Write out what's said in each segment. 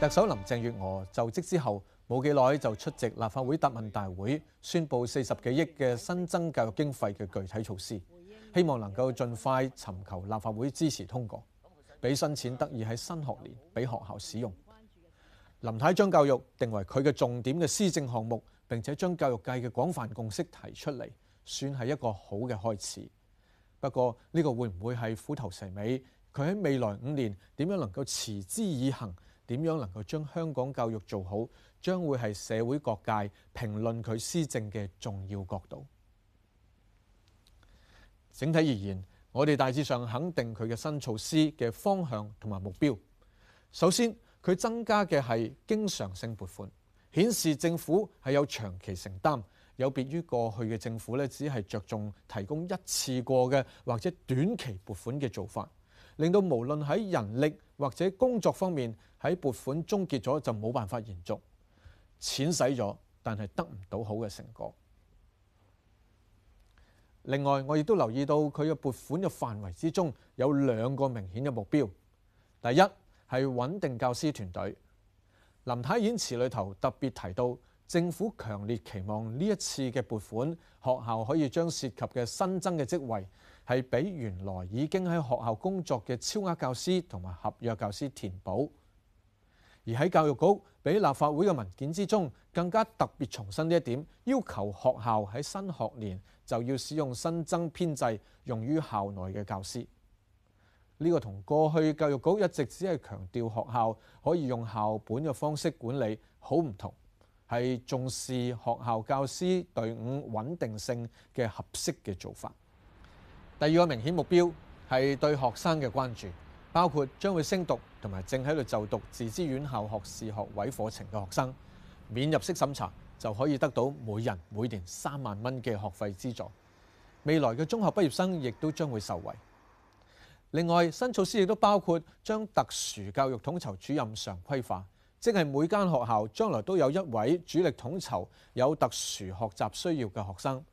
特首林鄭月娥就職之後冇幾耐就出席立法會答問大會，宣布四十幾億嘅新增教育經費嘅具體措施，希望能夠盡快尋求立法會支持通過，俾新錢得以喺新學年俾學校使用。林太將教育定為佢嘅重點嘅施政項目，並且將教育界嘅廣泛共識提出嚟，算係一個好嘅開始。不過呢個會唔會係虎頭蛇尾？佢喺未來五年點樣能夠持之以恆？點樣能夠將香港教育做好，將會係社會各界評論佢施政嘅重要角度。整體而言，我哋大致上肯定佢嘅新措施嘅方向同埋目標。首先，佢增加嘅係經常性撥款，顯示政府係有長期承擔，有別於過去嘅政府呢，只係着重提供一次過嘅或者短期撥款嘅做法，令到無論喺人力或者工作方面，喺撥款終結咗就冇辦法延續，錢使咗，但係得唔到好嘅成果。另外，我亦都留意到佢嘅撥款嘅範圍之中有兩個明顯嘅目標。第一係穩定教師團隊。林太演辭裏頭特別提到，政府強烈期望呢一次嘅撥款，學校可以將涉及嘅新增嘅職位係俾原來已經喺學校工作嘅超額教師同埋合約教師填補。而喺教育局比立法會嘅文件之中，更加特別重申呢一點，要求學校喺新學年就要使用新增編制，用於校內嘅教師。呢個同過去教育局一直只係強調學校可以用校本嘅方式管理，好唔同，係重視學校教師隊伍穩定性嘅合適嘅做法。第二個明顯目標，係對學生嘅關注。包括將會升讀同埋正喺度就讀自資院校學士學位課程嘅學生，免入息審查就可以得到每人每年三萬蚊嘅學費資助。未來嘅中學畢業生亦都將會受惠。另外，新措施亦都包括將特殊教育統籌主任常規化，即係每間學校將來都有一位主力統籌有特殊學習需要嘅學生。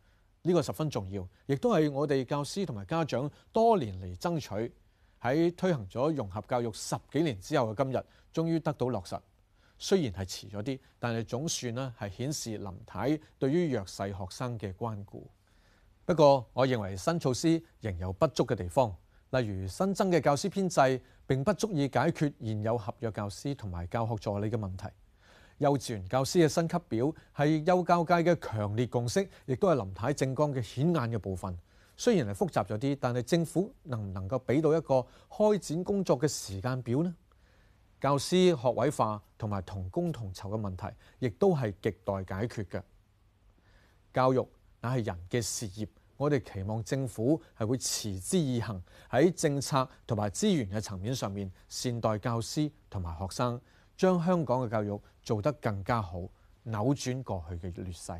呢個十分重要，亦都係我哋教師同埋家長多年嚟爭取。喺推行咗融合教育十幾年之後嘅今日，終於得到落實。雖然係遲咗啲，但係總算咧係顯示林太對於弱勢學生嘅關顧。不過，我認為新措施仍有不足嘅地方，例如新增嘅教師編制並不足以解決現有合約教師同埋教學助理嘅問題。幼稚園教師嘅薪級表係幼教界嘅強烈共識，亦都係林太政綱嘅顯眼嘅部分。雖然係複雜咗啲，但係政府能唔能夠俾到一個開展工作嘅時間表呢？教師學位化同埋同工同酬嘅問題，亦都係亟待解決嘅。教育乃係人嘅事業，我哋期望政府係會持之以恒，喺政策同埋資源嘅層面上面善待教師同埋學生，將香港嘅教育做得更加好，扭轉過去嘅劣勢。